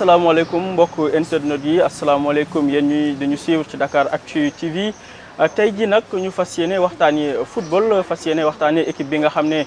asalaamaaleykum mbokk internet yi asalaamaaleykum yéen ñuy dañu suivre ci Dakar ci TV tey ji nag ñu fas yéene yi football fas yéene waxtaanee équipe bi nga xam ne.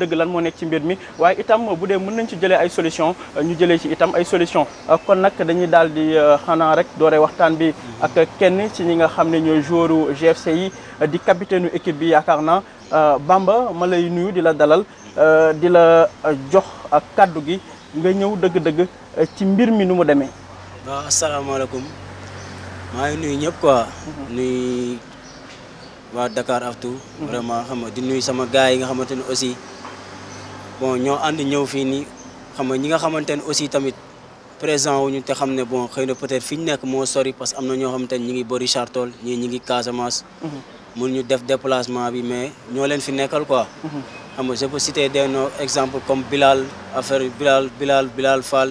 deug lan mo nek ci mbir mi waye itam bu dee mën nañ ci jëlé ay solution ñu jëlé ci itam ay solution kon nak dañuy daal di euh, rek doore waxtaan bi ak kenn ci ñi nga xamné ñoy joueuru GFC yi di capitaine équipe bi yakarna euh, Bamba ma lay nuyu di la dalal euh, di la jox ak kàddu gi nga ñew deug deug ci mbir mi nu mu wa assalamu alaykum ma ngi nuyu ñep quoi mhm. ni wa Dakar aftu mhm. vraiment xam nga di nuyu sama gaay yi nga xamanteni aussi bon ñoo and ñëw fi ni xam nga ñi nga xamante aussi tamit présent wuñu te xam ne bon xeyna peut-être fi nek mo sori parce que ñoo xamantene ñi ngi bo Richard Toll ñii ñi ngi Casamance. Mhm. mun ñu def déplacement bi mais ñoo leen fi nekkal quoi. Mhm. xam nga je peux citer des exemples comme Bilal affaire Bilal Bilal Bilal Fall.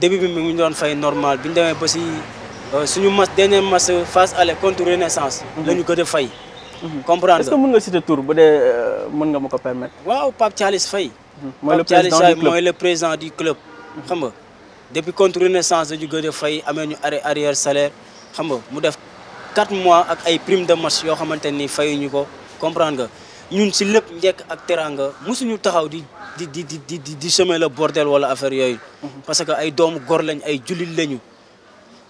début bi mu doon fay normal bi ñu demee ba si euh, suñu match dernier match face aller contre Renaissance. Mhm. lañu ñu gën fay. Mhm. comprendre est-ce que mën nga citer tour bu dé euh, mën nga mako permettre. waaw Pape Thialis Faye. Mhm. mooy le président du club Pape le président du club. xam nga depuis contre Renaissance la ñu fay amee ñu arrière salaire xam nga mu def 4 mois ak ay prime de match yo xamanteni ni fayuñu ko comprendre nga ñun ci lepp njëkk ak teraanga mosuñu taxaw di. di di di di di semer la bordel wala affaire yooyu. Mhm. parce que dom doomu gor lañ ay jullit lañu.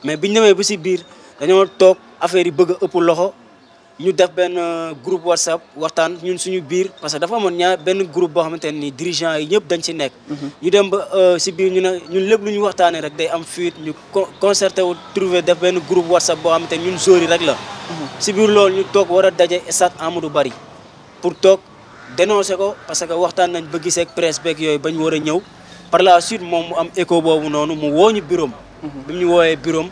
mais biñ bir ba tok biir baga toog affaire yi bëgg a ëpp loxo ñu def euh, groupe whatsapp waxtaan ñun suñu bir parce que dafa amoon ñaar ben groupe boo xamante dirigeant yi ñëpp dañ ci mhm. ñu dem ba si euh, bir, ñu ne ñun lépp lu ñu waxtaanee rek day am fuite ñu concerté wu def ben groupe whatsapp boo xamante ñun rek la. si mhm. bir lo ñu toog war esat daje stade Amadou Barry pour dénoncé ko parce que waxtaan nañ ba gisee ak presse beeg yooyu bañ wara a ñëw par la suite mom mu am écho bobu nonu mu woñu ñu bureau mhm. bi mu ñu woowee bureau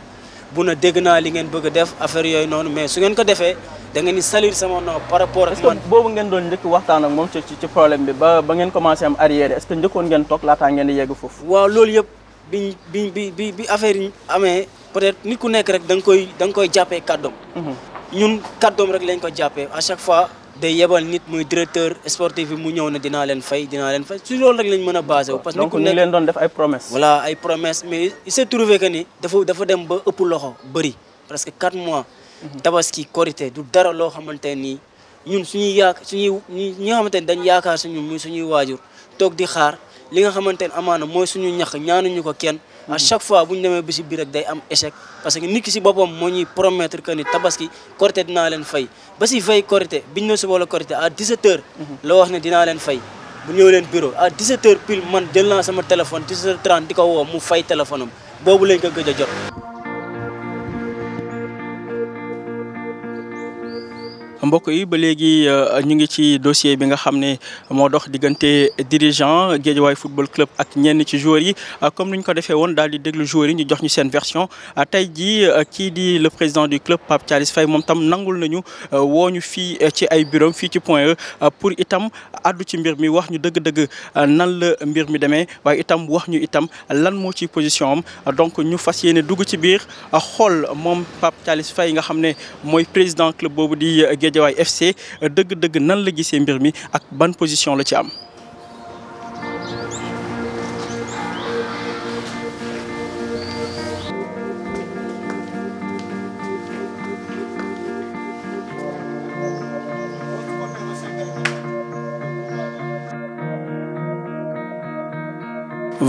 bu na dégg naa li ngeen bëgg def affaire yoy noonu mais su ngeen ko défé da ngeen ni salir sama nom par rapport ak man bobu ngeen doon njëkk waxtaan ak mom ci ci problème bi ba ba ngeen commencé am arrière est-ce que ndëkkon ngeen toog laataa ngeen di yegg fofu waaw loolu yëpp biñ bi bi bi bi affaire yi amé peut-être nit ku nekk rek dang koy dang koy jappé kàddoom. Mhm. ñun kàddoom rek lañ ko jappé à chaque fois. day yebal nit muy directeur sportif bi mu ñëw na dinaa leen fay dinaa leen fay si loolu rek lañ mën a basé wu. parce que donc leen doon def ay promesses. voilà ay promesses mais il que ni dafa dafa dem ba ëpp loxo bëri que 4 mois. Mhm. tabaski korité du dara loo xamante nii ñun suñuy yaak suñuy ñi nga xamante ni dañ yaakaar suñu muy suñuy waajur toog di xaar li nga xamante ne amaana mooy suñu ñax ñaanuñu ko kenn. à chaque fois bu ñu demee ba si biir rek day am échec parce que nit ki si boppam moo ñuy promettre que ni tabaski korité dinaa leen fay ba si fay korité biñ ne suba la korité à 17 mhm. la wax ne dinaa leen fay. bu ñëw leen biro a 17h man jël naa sama téléphone 17 h di ko woo mu fay téléphone boobu lañ ko gëj a jot. mbokk yi ba léegi euh, ñu ngi ci dossier bi nga xamné mo dox diganté dirigeant Guédiawaye football club ak ñenn ci joueur yi euh, comme nuñ ko défé won dal di déglu joueur yi ñu jox ñu sen version euh, tay ji ki di le président du club Pape Thialis Faye mom tam nangul nañu woñu fi ci ay bureau fi ci Point e, pour itam addu ci mbir mi wax ñu dëgg-dëgg nan la mbir mi demee way itam wax ñu itam lan mo ci position am donc ñu fas yéene dugg ci biir xol mom Pape Thialis Faye nga xamné moy président club bobu di Guédiawaye FC deug deug nan la gisee mbir mi ak ban position la ci am.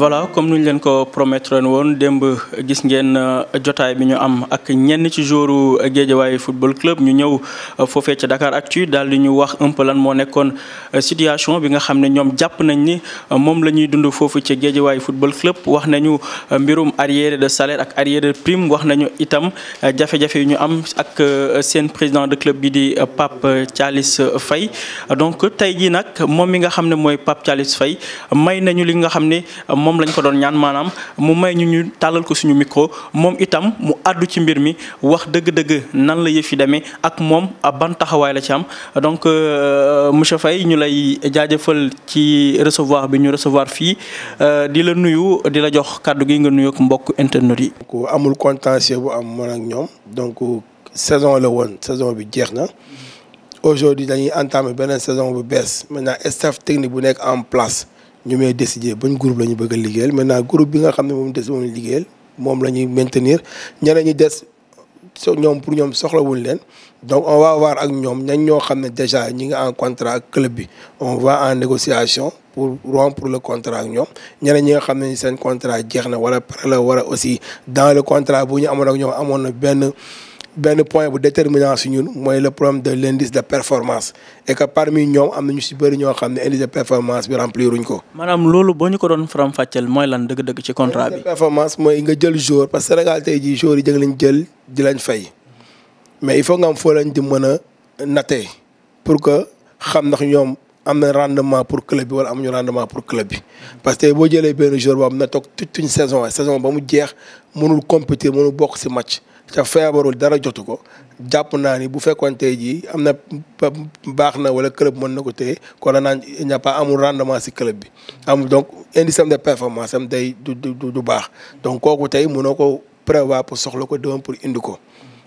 voilà comme nuñ leen ko promettre woon démb gis ngeen euh, jotaay bi ñu am ak ñenn ci joueur Guédiawaye football club ñu ñëw euh, foofee ca Dakar Actu daal di ñu wax un peu moo nekkoon euh, situation bi nga xam ne ñoom jàpp nañ ni moom la ñuy dund foofu ca Guédiawaye football club wax nañu mbirum arriéré de salaire ak arriéré de prime wax nañu itam jafe-jafe yu ñu am ak seen président de club bi di Pape caalis Faye donc tey jii nag moom mi nga xam ne mooy Pape Thialis Faye may nañu li nga xam ne moom lañ ko doon ñaan manam mu may ñu ñu talal ko suñu micro mom itam mu addu ci mbir mi wax deug deug nan la yëf yi demee ak mom ban taxaway la ci am donc euh, monsieur fay ñu lay jaajëfal ci recevoir bi ñu recevoir fi euh, di la nuyu di la jox kàddu gi nga nuyu ak mbokk internet yi. ko amul contentieux bu am mon ak ñom donc saison la won saison bi jeexna aujourd'hui dañuy entamer benen saison bu bees maintenant staff technique bu nek en place ñu may décider bañ groupe lañu bëgg a liggéeyal maintenant groupe bi nga xam ne moom des moom liggéeyal moom la ñuy maintenir ñeneen ñi des so ñoom pour ñoom soxlawuñ leen donc on va voir ak ñoom ñañ ñoo xam ne déjà ñi nga en contrat ak club bi on va en négociation pour rompre le contrat ak ñoom ñeneen ñi nga xam ne seen contrat jeex na wala pare la war aussi dans le contrat bu ñu amoon ak ñoom amoon na benn ben point bu déterminant ci ñun moy le problème de l'indice de performance et que parmi ñom amna ñu ci bëri ño xamné indice de performance bi rempliruñ ko. manam lolu boñu ko don fram fàcceel moy lan deug deug ci contrat bi. performance moy nga jël jour parce que Sénégal tay jii jour yi jëg lañ jël di lañ fay mais il faut nga am fo lañ di mëna naté pour que xam nak ñom am un rendement pour club bi wala rendement pour club parce que boo jëlee benn joueur boo toute une saison saison vous mënul compétir mënul bokk ci match te feebarul dara jotu ko jàpp bu am un club ko Il a pas amul rendement ci club am performance donc ko prévoir pour soxla pour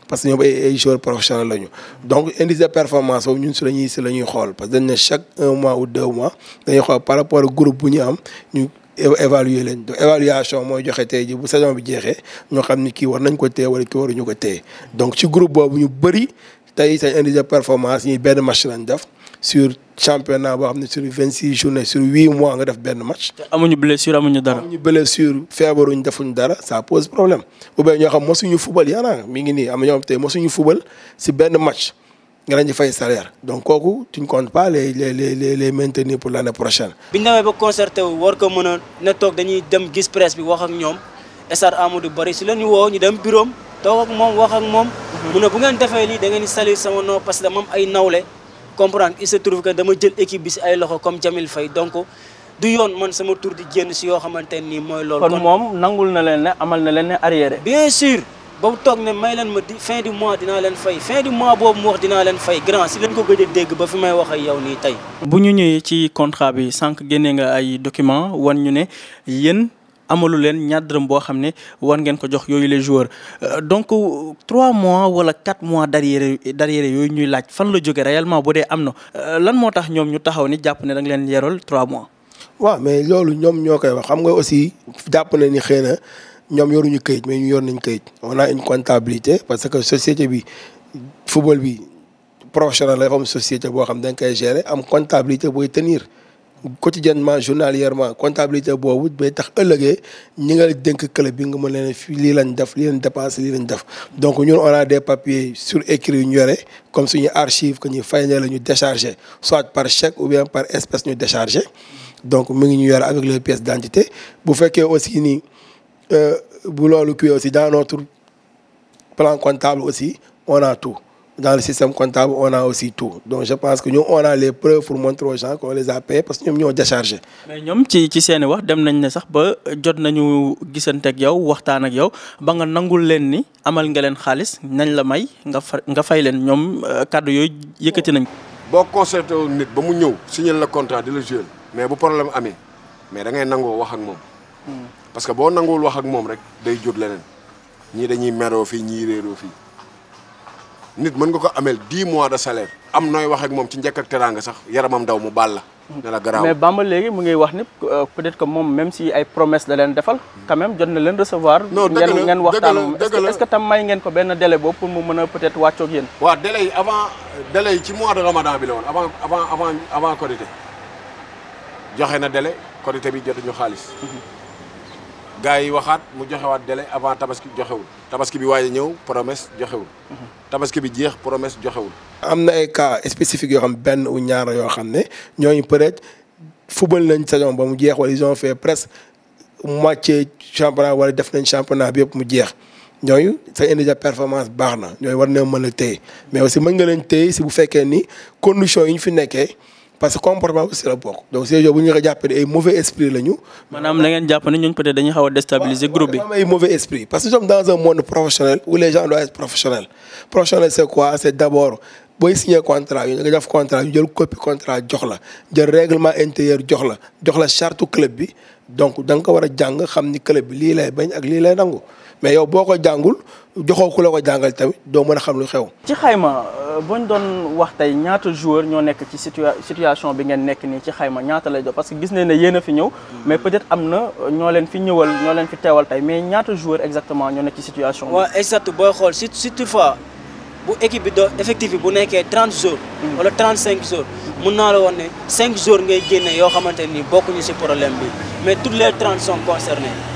parce que ñoom ay joueurs professionnels lañu donc indice de performance boobu ñun si la ñuy si parce que chaque un mois ou deux mois dañuy xool par rapport au groupe bu ñu am ñu évaluer leen donc évaluation mooy joxe tey ji bu saison bi jeexee ñoo xam ni kii war nañ ko téye wala kii waruñu ko téye donc ci groupe boobu ñu bëri tey seen indice de performance ñi benn match lañ def sur championnat bo xam sur 26 journées sur huit mois nga def ben match. amuñu blessure amuñu dara. amuñu blessure feebaruñ defuñ dara ça pose problème ou bien ñoo xam mosuñu fubal yaana mi ngi ni am na té mo suñu football, ci si benn match nga leen fay salaire donc koku tu ne comptes pas les les les les maintenir pour l'année prochaine. biñ demee ba concerté wu war ko mëna na tok dañuy dem gis presse bi wax ak ñoom stade Amadou Bari si lañu wo ñu dem bureau tok ak mom wax ak mom mhm. mu ne bu ngeen defee li da ngeen di salir sama nom parce que mom ay nawlé comprendre il se trouve que dama jël équipe bi si ay loxo comme Jamil Faye donc du yoon man sama tour di génn si yoo xamante nii mooy loolu kon moom nangul na leen amal na leen ne arrière bien sûr ba mu toog ne may leen ma di fin du mois dinaa leen fay fin du mois boobu mu wax dinaa leen fay grand si leen ko gëj a dégg ba fi may wax ak yow nii tey. bu ñu ñëwee ci contrat bi sànq génnee nga ay document wan ñu ne yéen amalu leen ñaar dërëm boo xam ne war ngeen ko jox yooyu les joueurs euh, donc euh, trois mois wala quatre mois derrière derrière yooyu ñuy laaj fan la jóge réellement bu dee am na euh, lan moo tax ñoom ñu taxaw ni jàpp ne da nga leen yeral trois mois. waaw mais loolu ñoom ñoo koy wax xam nga aussi jàpp na ni xëy na ñoom yoruñu këyit mais ñu yor nañ këyit on a une comptabilité parce que société bi football bi professionnel la comme société boo xam dañ koy gérer am comptabilité booy tenir quotidiennement journalièrement comptabilité donc nous on des papiers sur écrit comme que nous avons nous soit par chèque ou bien par espèce déchargé donc nous avons avec pièces d'identité aussi nous euh, aussi dans notre plan comptable aussi on a tout dans le système comptable, on a aussi tout. Donc je pense que nous, on a les preuves pour montrer aux gens qu'on les a payés parce que nous, nous avons Mais nous, ci ci wax dem nañ sax ba jot nañu que yow waxtaan ak yow ba nga ni amal nga la may nga fay euh, contrat mais bu problème ami mais da ngay hmm. parce que bo n'ango wax ak mom rek day lenen ñi dañuy nit mën nga ko ameel di mois de salaire am nooy wax ak moom ci njëkk ak teraanga sax yaramam daw mu baal la. ne la garaaw léegi mu ngi wax ni euh, peut-être que moom même si ay promesse la leen defal. quand même jot na leen recevoir. non dëgg la ngeen ngeen waxtaan est-ce que tam may ngeen ko benn délai boobu pour mu mën a peut-être wàccoog yéen. waaw délai yi avant délai yi ci mois de Ramadan bi la woon avant avant avant avant Korité joxe na délai Korité bi jotuñu xaalis. Mhm. gaay waxat mu joxe wat délai avant tabaski joxewul tabaski bi waaye ñew promesse joxewul tabaski bi jeex promesse joxewul amna ay cas spécifique yo xam ben ou ñaara yo xam ne ñooñu peut-être fubal nañ saison ba mu jeex wala ils ont fait presque moitié championnat wala def nañ championnat bi yëpp mu jeex ñooyu sa indi performance baxna ñoy war na mën a mais aussi mën nga leen téye si bu fekkee ni condition yi ñu fi nekké parce que comportement aussi la donc c'est mauvais esprit peut déstabiliser groupe mauvais esprit parce que nous sommes dans un monde professionnel où les gens doivent être professionnels professionnel c'est quoi c'est d'abord signer contrat un contrat copie contrat jox un règlement intérieur la la charte club donc da nga un vous club mais yow boko jangul jàngul joxoo ku ko jàngal tamit do meuna xam lu xew. ci xayma euh, buñ doon wax tay ñaata joueur ño nek ci situation bi ngeen nek ni ci xayma ñaata lay do parce que gis ne yéen a fi ñew mais peut-être amna euh, ño len fi ñewal ño len fi tewal tay mais ñaata joueur exactement ño nek ci situation bi. waaw exact booy xool surtout fois bu équipe bi do effectif bi bu nekké 30 jours. Hmm. wala 35 cinq jours. mun naa la woon ne cinq jours ngay génne yoo xamante ni bokkuñu ci problème bi mais toutes les 30 sont concernées.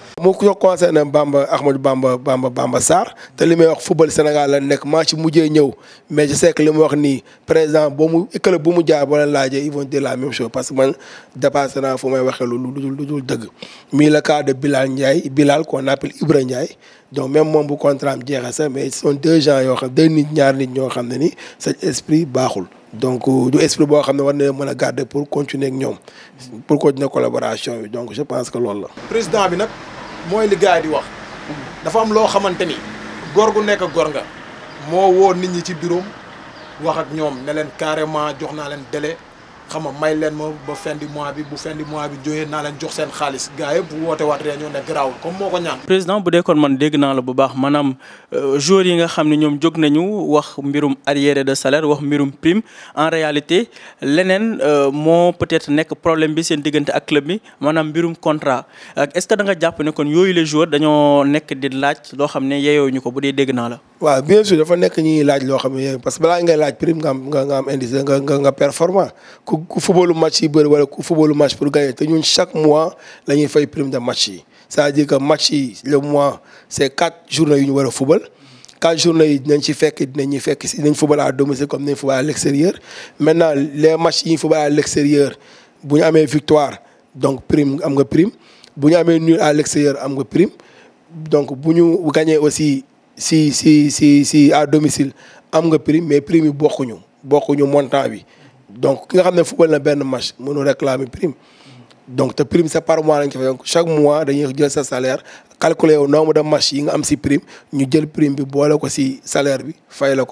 je ko concerné Bamba Ahmed Bamba Bamba Bamba Sar. te li may wax football Sénégal la nekk maa ci mujjee ñëw mais je sais que li wax nii président boo mu club bu mu jaar boo ils vont dire la même chose parce que man dépassé naa fu may waxee lu dul lu dul dëgg. mii le cas de Bilal Ndiaye Bilal qu'on appelle Ibra Ndiaye donc même moom bu contrat am dire ça, mais ce sont deux gens deux xam deux nit ñaar nit ñoo xam ni esprit baaxul. donc euh, du esprit boo xam ne war na garder pour continuer ak nous, pour continuer collaboration donc je pense que loolu la. président bi nag. mooy li gars yi di wax dafa am loo xamante ni góor gu nekk góor nga moo woo nit ñi ci bureau wax ak ñoom ne leen carrément jox naa leen délai xam nga may leen ma ba fin du mois bi bu fin mois bi jógee naa leen jox seen xaalis gars yëpp bu woote waat réunion ne garaawul comme moo ko ñaan. président bu dee kon man dégg naa la bu baax maanaam euh, joueurs yi nga xam ne ñoom jóg nañu wax mbirum arriéré de salaire wax mbirum prime en réalité leneen euh, moo peut-être nekk problème bi seen diggante ak club bi maanaam mbirum contrat est-ce jàpp ne kon yooyu le joueurs dañoo nekk di laaj loo xam ne yeyoo ñu ko bu dee dégg naa la. waaw bien sûr ñuy laaj loo xam ne parce que balaa ngay laaj prime nga am am indice nga nga performant football match yi bëri wala ku footballu match pour gagner te ñun chaque mois la fay prime de match yi ça veut dire que match yi le mois c'est quatre journées yu ñu war football quatre journées yi dinañ ci fekk dinañ fekk ci dinañ football à domicile comme dinañ football à l'extérieur maintenant les matchs yi football à l'extérieur bu amé victoire donc prime am nga prime bu amé nul à l'extérieur am nga prime donc buñu gagner aussi si si si si à domicile am nga prime mais prime yi bokku ñu montant bi donc quand on fait football na on match mënoo réclamer prime donc la prime c'est par mois chaque mois on jël sa salaire calculer yow nombre de match on nga am prime. prime a une prime on a ko salaire bi fay la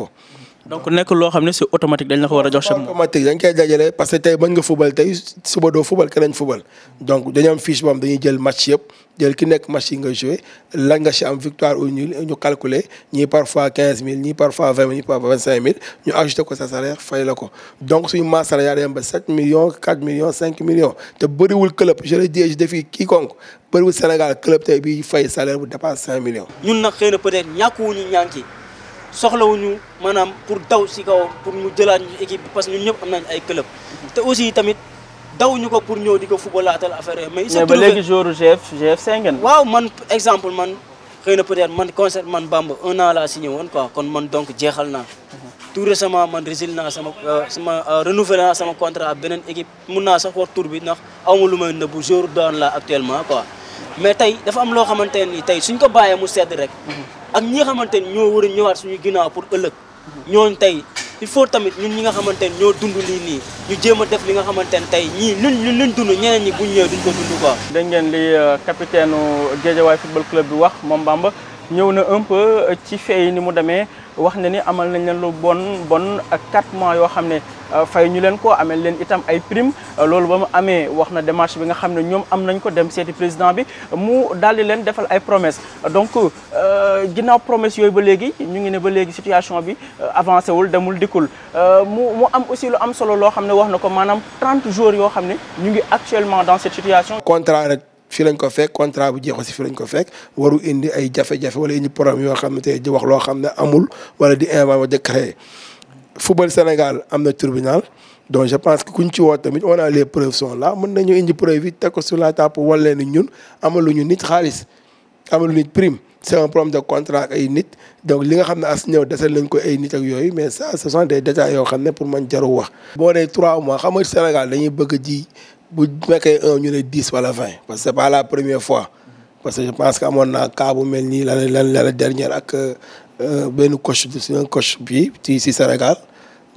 donc, on est que c'est automatique. C'est pas automatique. Parce que tu es un football, tu es un football, tu es un football. Donc, on a une fiche, on a pris le match, on a pris match, on a joué, on a victoire ou nul, on a calculé, ni parfois 15 000, ni parfois 20 000, ni parfois 25 000, on a ajouté quoi sa salaire, faillé le Donc, si ma salaire est 7 millions, 4 millions, 5 millions, tu as beaucoup de club, je le dis, je défie quiconque. Pour le Sénégal, le club, tu as payé salaire, de 5 millions. Nous n'avons pas de problème, nous n'avons pas soxlawuñu maanaam pour daw si kaw pour mu jëlaat ñu équipe bi parce que ñëpp am nañ ay club te aussi tamit daw ñu ko pour ñëw di ko fubalaatal affaire yooyu. mais ba léegi jour GF GF waaw man exemple man xëy na peut-être man concert man Bamba un an laa signé woon quoi kon man donc jeexal naa. tout récemment man résil naa sama euh, sama euh, renouvelé contrat beneen équipe mun naa sax wax tur bi ndax aw ma lu may jour doon la actuellement quoi mais tey dafa am loo xamante ne nii tey suñ ko bàyyee mu sedd rek. ak ñi nga xamante ni wuri ñëwaat suñu ginaa pour ëlëk ñooñu tay il faut tamit ñun ñi nga xamantene ño dund li ni ñu jëma def li nga xamantene tay ñi ñun ñun dund ñeneen ñi bu ñëw duñ ko dund ko dañ ngeen li euh, capitaine Guédiawaye football club bi wax mom Bamba ñëw na un peu ci fee ni mu démé wax na ni amal nañ leen lu bon bon ak 4 mois yo xamné Euh, fay ñu leen ko amel leen itam ay prime euh, loolu bamu amé waxna démarche bi nga xamné ñom am nañ ko dem séti président bi mu daal di leen défal ay promesse donc euh ginnaw promesse yoy ba légui ñu ngi né ba légui situation bi euh, avancé wul demul dikul mu mu am aussi lu am solo lo xamné ne wax ko maanaam 30 jours yo xamné ñu ngi actuellement dans cette situation. contrat rek fi lañ ko fekk contrat bu jeex aussi fi lañ ko fekk waru indi ay jafé jafé wala indi problème yo xamné ne di wax lo xamné amul wala di inventé décret football Sénégal am na tribunal donc je pense que kuñ ci woo tamit on a les preuves sont là mën nañu indi preuve yi teg ko sur la table wala leen ni ñun amaluñu nit xaalis amalu nit prime c'est un problème de contrat ay nit donc li nga xam ne as ñëw desal lañ ko ay nit ak yooyu mais ça ce sont des détails yoo xam pour man jaru wax. boo nee trois mois xam nga Sénégal dañuy bëgg ji bu nekkee un ñu ne dix wala vingt parce que c'est pas la première fois. parce que je pense que amoon naa cas bu mel nii la dernière ak euh, euh, benn coach suñu coach bi ci Sénégal.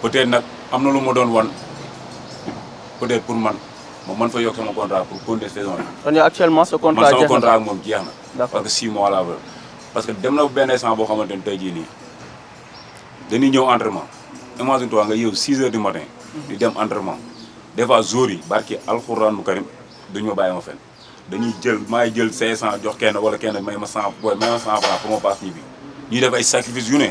peut nag am na lu ma doon wan peut-être pour man ma mën fa yokk sama contrat pour continuer saison bi. kon yow actuellement sa contrat jeex man sama contrat moom jeex na. parce que 6 mois laa bëgg parce que dem na benn instant boo xamante ni tey jii nii dañuy ñëw entraînement imagine toi nga yeewu 6 heures du matin. di dem entraînement des fois jours yi barki alxuraanu karim duñu ma bàyyi ma fenn. dañuy jël maay jël 500 jox kenn wala kenn may ma 100 booy may ma 100 francs pour ma paas ñibbi ñuy def sacrifice yu ne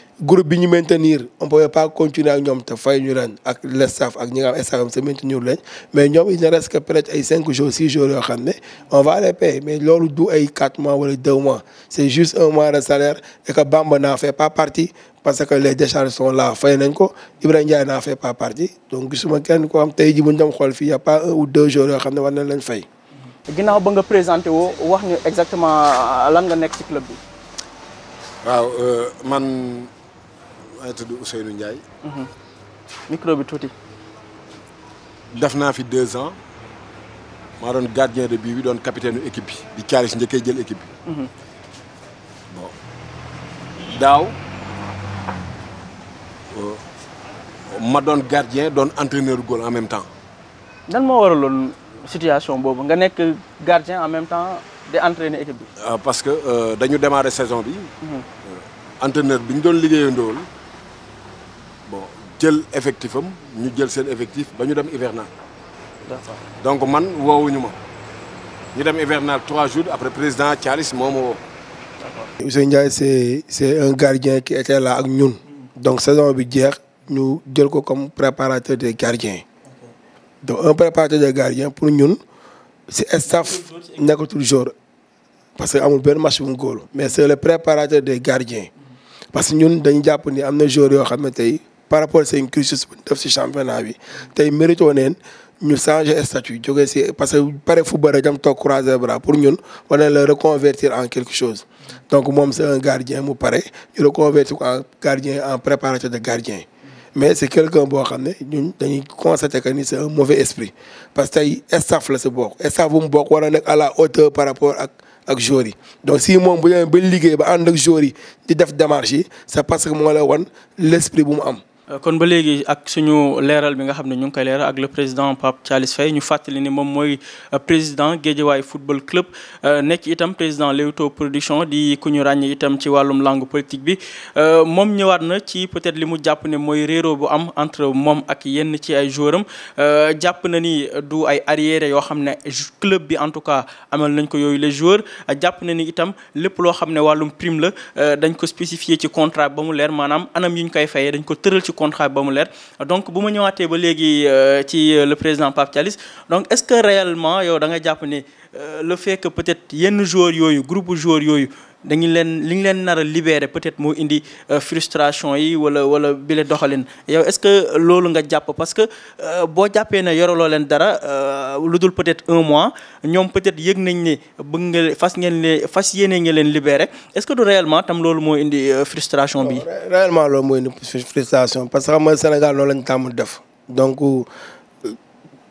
groupe bi ñu maintenir on pouvait pas continuer ak nous te fay ñu ren ak le staff ak ñi nga staff am maintenir lañ mais nous, il ne reste que peut-être ay cinq jours six jours yoo xam on va les payer mais loolu du ay quatre mois wala deux mois c'est juste un mois de salaire et que Bamba n'en fait pas partie parce que les décharges sont là fay nañ ko Ibrahima Ndiaye n'en fait pas partie donc gisuma kenn ko am tey ji bu y a pas un ou deux jours yoo xam ne war nañ leen fay. ginnaaw ba nga présenté woo wax ñu exactement euh, lan nga nekk ci club bi. waaw euh, man maa ngi de mhm. micro deux ans suis un gardien de but je capitaine de l'équipe..! bi di équipe bi. Mhm. Euh, ma gardien de entraîneur en même temps. Dans moo situation boobu nga gardien en même temps de entraîner équipe euh, parce que euh, dañu démarrer saison mhm. entraîneur bon jël effectif am ñu jël seen effectif ba ñu dem hivernal. donc man woowuñu ma ñu dem hivernal trois jours après président Thialis moo ma woo. Ousseyn Ndiaye c'est c'est un gardien qui était là ak ñun. donc saison bi jeex ñu jël ko comme préparateur de gardien. donc un préparateur de gardien, pour ñun c'est staff nekkatul jour parce que amul benn match bu mu mais c'est le préparateur des gardiens. Mm-hmm. parce que ñun dañu jàpp ni am na joueurs yoo xam ne tey par rapport à une crise de ce championnat bi tey mérité neen ñu changer statut parce que pare football rek dem courage bras pour on va le reconvertir en quelque chose donc je c'est un gardien mu pare ñu reconvertir en gardien en préparateur de gardien mais c'est quelqu'un qui a ne dañuy que c'est un mauvais esprit parce que tey staff la est bon staff bu mu bokk war à la hauteur par rapport à ak joueurs donc si mom bu demee ba liggéey ba and ak joueurs di def démarche c'est parce que mo la won l'esprit bu mu am kon ba léegi ak suñu leeral bi nga xam ne ñu ngi koy leeral ak le président pap Thialis Faye ñu fàttali ni moom mooy euh, président Guédiawaye football club euh, nekk itam président Leewtoo production di ku ñu ràññee itam ci wàllum langue politique bi euh, moom ñëwaat na ci peut-être li mu jàpp ne mooy réeroo bu am entre moom ak yenn ci ay joueuram jàpp na ni du ay arrière yoo xam ne club bi en tout cas amal nañ ko yooyu les joueurs jàpp na ni itam lépp loo xam ne wàllum prime la dañ ko spécifié ci contrat ba mu leer maanaam anam yi ñu koy fayee dañ ko tëral ci contrat ba mu leer donc buma ma ba légui euh, ci euh, le président Pape Thialis donc est-ce que réellement yow da nga japp ne euh, le fait que peut-être yenn joueurs yoyu groupe joueurs yoyu dañu leen li ñu leen nara a libéré être moo indi euh, frustration yi wala wala bile doxalin yow est-ce que loolu nga jàpp parce que euh, boo jàppee ne yoraloo leen dara euh, lu dul peut-être un mois ñoom peut-être yëg nañ ne bëgg nga fas ngeen ne fas yéene nga leen libéré est-ce que du réellement tam loolu moo indi frustration bi. réellement loolu moo indi frustration parce que xam nga Sénégal loolu lañ tàmm def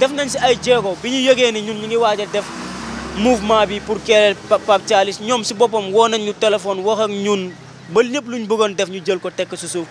def nañ si ay jéego bi ñu yëgee ni ñun ñu ngi waaj a def mouvement bi pour kereel Pape Thialis ñoom si boppam woo nañ ñu téléphone wax ak ñun ba lépp luñ bëggoon def ñu jël ko tekk si suuf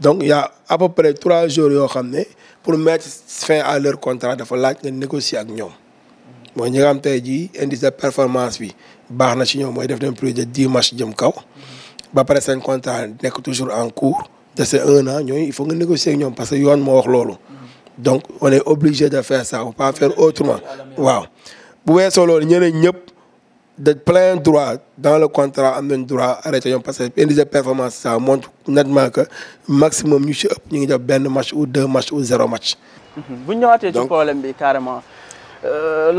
donc il y' a à peu près trois jours pour mettre fin à leur contrat Il faut négocier ak ñoom. nous dit, de performance bi de 10 matchs jëm kaw. ba contrat toujours en cours. c'est un an il faut négocier avec parce que donc on est obligé de faire ça peut pas faire autrement. waaw bu de plein droit dans le contrat en droit à ñoom parce que performance ça montre nettement que maximum ñu ci ëpp match ou deux matchs ou zéro match. Vous mhm. euh, ñu dit, problème carrément nga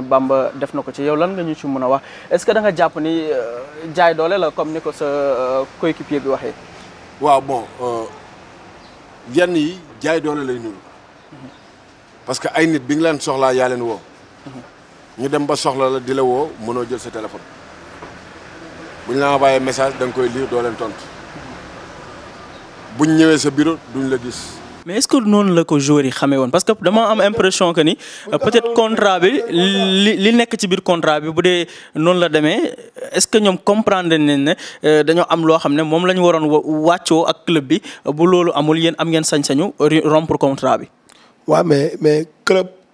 Bamba est-ce que vous nga Japonais, ni euh, jaay avez comme euh, coéquipier bon mhm. parce que vous nit bi nga ñu dem ba soxla la di la woo mënoo jël sa téléphone buñ la envoyé message da koy lire doo leen tontu buñ ñëwee sa bureau duñ la gis. mais est-ce que noonu la ko joueur yi xamee woon parce que dama am impression que ni peut-être contrat bi li li nekk ci biir contrat bi bu dee noonu la demee est-ce que ñoom comprendre nañ ne euh, dañoo am loo xam ne moom la ñu waroon wàccoo ak club bi bu loolu amul yéen am ngeen sañ-sañu rompre contrat bi. waaw mais mais club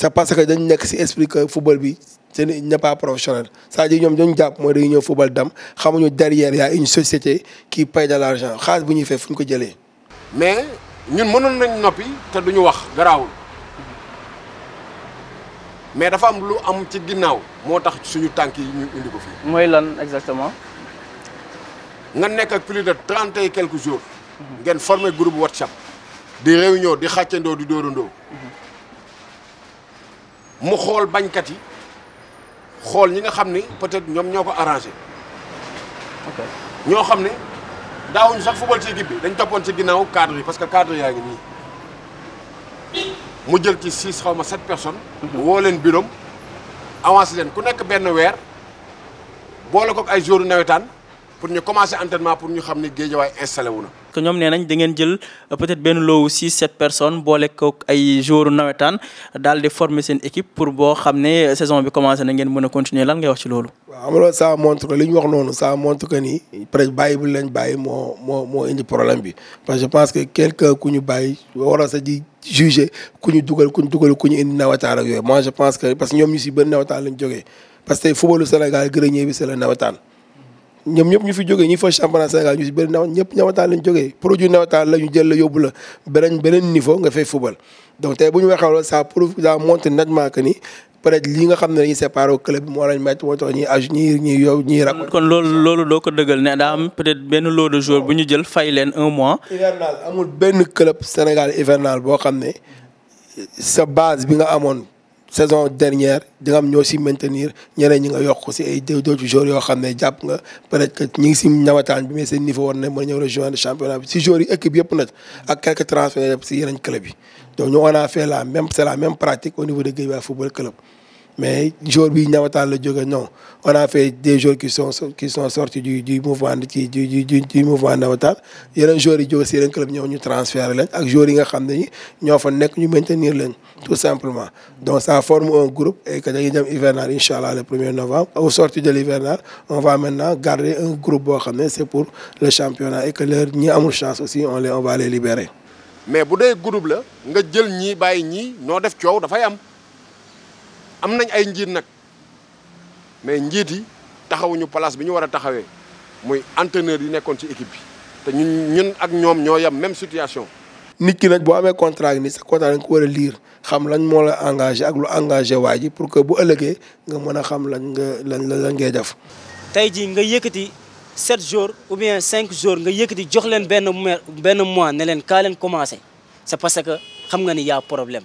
c'est parce que dañu nek ci esprit football bi n'est pas professionnel Ça à dire que nous moy football derrière y a une société qui paye de l'argent mais nous nous nañ nopi té duñu wax mais dafa am lu am ci suñu ñu indi ko exactement. nga nek plus de 30 et quelques jours. ngeen formé groupe WhatsApp. di réunion des xatiando di mu xool bañkat yi xool ñi nga xam ni peut-être ñoom ñoo ko arrangé. ñoo xam ne daawuñu sax football ci équipe bi dañ toppoon ci ginnaaw cadre yi parce que cadre yaa ngi nii mu jël ci six xaw ma sept personnes. Mhm. woo leen biroom avance leen ku nekk benn weer boole ko ay jour nawetaan pour ñu commencer entraînement pour ñu xam ne géejawaay installé wu na. que ñoom nee da ngeen jël euh, peut-être ben loowu 6 7 personnes boole ko ay joueurs nawetaan dal di former sen équipe pour bo xamné euh, saison bi commencé na ngeen mëna continuer lan ngay wax ci lolu waaw am ça montre liñ wax noonu ça montre que ni presque bàyyi bu lañ bàyyi mo mo mo indi problème bi parce que je pense que quelqu'un ku ñu bàyyi waroon sa di juger ku ñu dugal ku ñu dugal ku ñu indi nawetaan ak yoy moi je pense que parce que ñoom ñu si bëri nawetaan lañ joggé parce que tey footballu Sénégal gërëñee bi c'est le nawetaan ñoom ñëpp ñu fi joggé ñi fa Sénégal ñu ci bëri naw ñëpp ñawata lañ jël la niveau nga fay football donc tay buñu ñu ça prouve ça montre nettement que ni peut-être nga xamné club mo lañ tax peut-être lot de joueurs nous jël fay leen un mois hivernal amul club Sénégal hivernal bo xamné base saison dernière nous avons maintenu, maintenir que nous si mais niveau war nous avons championnat si équipe quelques transferts club donc on fait la même c'est la même pratique au niveau de Football Club mais jour bi ñawatan la non. On a fait des jours qui sont qui sont sortis du du mouvement du du du, du mouvement a un jour yi ont ci un club qui ñu transférer Et ak jour yi nga xamné ño nek ñu maintenir tout simplement. Donc ça forme un groupe et que dañuy dem hivernal inchallah le 1er novembre. Au sortir de l'hivernal, on va maintenant garder un groupe c'est pour le championnat et que leur ñi amul chance aussi on les on va les libérer. Mais bu dé groupe la nga jël ñi bayyi ñi no def ciow da fay am. am nañ ay njiit nag mais njiit yi taxawuñu place bi ñu war a taxawee muy entraîneur yi nekkoon ci équipe bi te ñun ak ñoom ñoo yem même situation. nit ki nag boo amee contrat ni sa contrat nga ko war liir xam lañ moo la engagé ak lu engagé waa ji pour que bu ëllëgee nga mën a xam lañ nga lan lan ngay def. tey jii nga yëkkati sept jours ou bien cinq jours nga yëkkati jox leen benn benn mois ne leen kaa leen commencé c'est parce que xam nga ni y'a problème.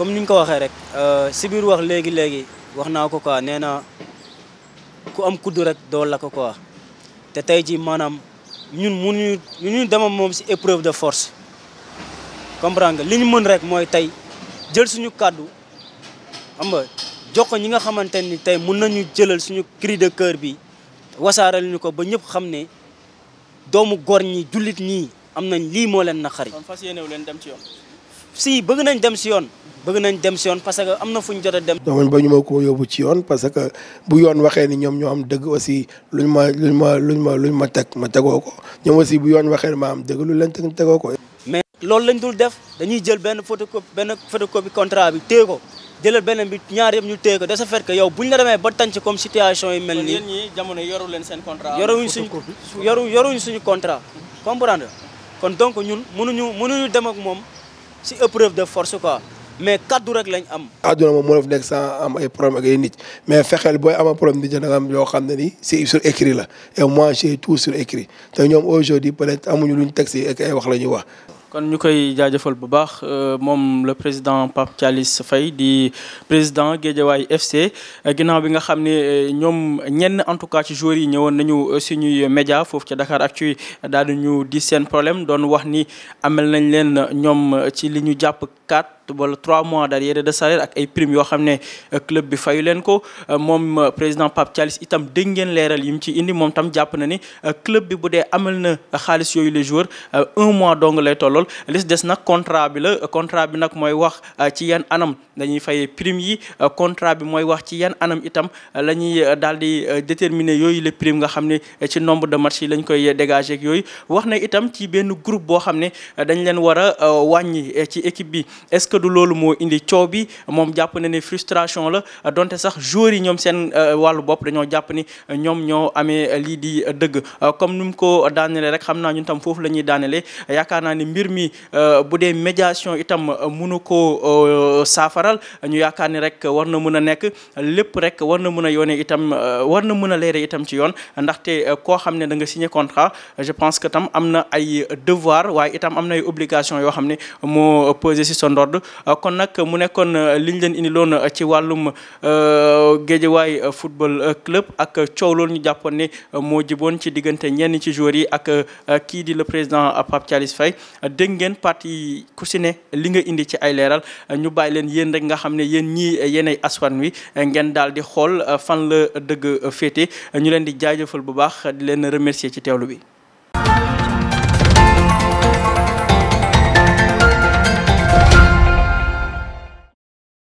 comme ni ñu ko waxee rek euh, si biir wax léegi léegi wax naa ko quoi nee na ku am kuddu rek doo la ko quoi te tey ji maanaam ñun mënuñu ñu dema moom si épreuve de force comprendre nga li ñu mën rek mooy tey jël suñu kàddu xam nga jox ñi nga xamante ni tey mën nañu jëlal suñu cri de cœur bi wasaaral ñu ko ba ñëpp xam ne doomu góor ñi jullit ñii am nañ lii moo leen naqari. kon leen dem ci yoon. si bëgg nañ dem si yoon. bëgg nañ dem si yoon parce que am na fu ñu jot a dem. ñoom ba ñu ko yóbbu ci yoon parce que bu yoon waxee ni ñoom ñoo am dëgg aussi luñ ma ma luñ ma ma teg ma tegoo ko ñoom aussi bu yoon waxee ma am dëgg lu leen teg tegoo ko. mais loolu lañ dul def dañuy jël benn photocopie benn photocopie contrat bi téye ko jëlal beneen bi ñaar yëpp ñu téye ko de ce fait que yow buñ la demee ba tànc comme situation yi mel nii. yéen yoru leen seen contrat. yoruñ suñu yoru yoruñ suñu contrat. comprendre kon donc ñun mënuñu mënuñu dem ak moom si épreuve de force quoi mais kaddu rek lañ am. àdduna moom moo la fi am ay problème ak ay nit mais fexeel booy ama problème nit da nga am yoo xam ne c'est sur écrit la et moi j'ai tout sur écrit te ñoom aujourd'hui peut-être amuñu luñ teg ak ay wax la wax. kon ñu koy bu baax euh, mom le président Pape Thialis Faye di président Guédiawaye FC euh, ginaaw bi nga xam ñom euh, ñoom ñenn en tout cas ci joueurs yi ñewon nañu suñuy média fofu ci Dakar Actu daal di ñu di seen problème doon wax ni amel nañ leen ñom ci liñu japp 4 wala 3 mois d'arriérés de salaire ak ay primes yo xamné euh, club bi fayu len ko euh, mom euh, président Pape Thialis itam dégg ngeen léral yim ci indi mom tam japp na ni club bi budé dee amal na xaalis yooyu les joueurs 1 mois dong lay tollol lis dess nak contrat bi la contrat bi nak moy wax ci yane anam dañuy fayé primes yi contrat bi moy wax ci yane anam itam lañuy daldi déterminer yoyu les primes nga xamné ci nombre de matchs yi lañ koy dégager ak yoyu wax na itam ci benn groupe bo xamné dañ leen wara a ci équipe bi est-ce que du loolu moo indi coow bi moom frustration la donte sax joueurs yi ñoom seen euh, wàllu bopp dañoo jàpp ni ñom ñoo amé li di deug comme nu ko danelé rek xamna ñun tam fofu lañuy danelé yakarna ni mbir mi euh, budé médiation itam mënu ko euh, safaral ñu yakarni rek warna mëna nek a lépp rek warna mëna yone itam warna mëna léré itam ci yoon ndaxte koo xam ne da nga signé contrat je pense que tam amna ay devoir way itam amna ay obligation yo xamné mo moo pesé si sa ndodd Euh, kon nag mu nekkoon euh, li ñu leen indiloon euh, ci wàllum Guédiawaye football club ak coow loolu ñu jàppoon ni moo jiboon ci diggante ñenn ci joueurs yi ak kii di la président Pape Thialis Faye dégg ngeen parti ku si ne li nga indi ci ay leeral ñu bàyyi leen yéen rek nga xam ne yéen ñii yéenay aswan wi ngeen daal di xool fan la dëgg féete ñu leen di jaajëfal bu baax di leen remercier ci teewlu bi